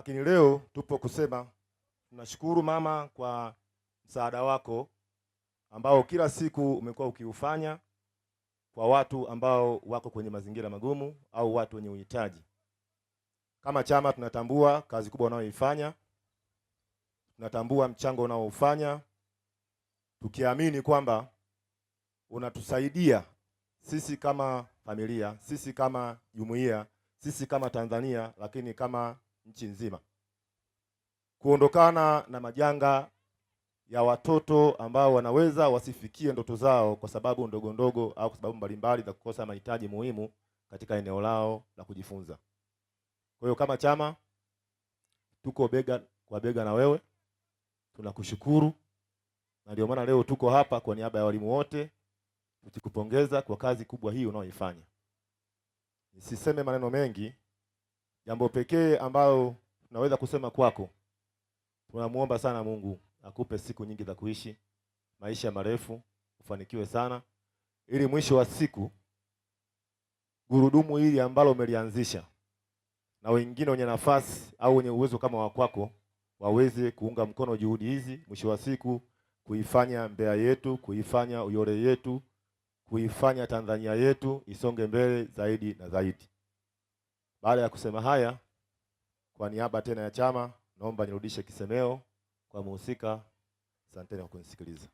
Lakini leo tupo kusema tunashukuru mama kwa msaada wako ambao kila siku umekuwa ukiufanya kwa watu ambao wako kwenye mazingira magumu au watu wenye uhitaji. Kama chama tunatambua kazi kubwa unayoifanya, tunatambua mchango unaoufanya, tukiamini kwamba unatusaidia sisi kama familia, sisi kama jumuiya, sisi kama Tanzania, lakini kama nchi nzima, kuondokana na majanga ya watoto ambao wanaweza wasifikie ndoto zao kwa sababu ndogo ndogo au kwa sababu mbalimbali za kukosa mahitaji muhimu katika eneo lao la kujifunza. Kwa hiyo kama chama tuko bega kwa bega na wewe, tunakushukuru na ndio maana leo tuko hapa kwa niaba ya walimu wote tukikupongeza kwa kazi kubwa hii unaoifanya. Nisiseme maneno mengi. Jambo pekee ambalo tunaweza kusema kwako, tunamwomba sana Mungu akupe siku nyingi za kuishi, maisha marefu, ufanikiwe sana, ili mwisho wa siku gurudumu hili ambalo umelianzisha na wengine wenye nafasi au wenye uwezo kama wa kwako waweze kuunga mkono juhudi hizi, mwisho wa siku kuifanya Mbeya yetu, kuifanya Uyole yetu, kuifanya Tanzania yetu isonge mbele zaidi na zaidi. Baada ya kusema haya, kwa niaba tena ya chama, naomba nirudishe kisemeo kwa muhusika. Asanteni kwa kunisikiliza.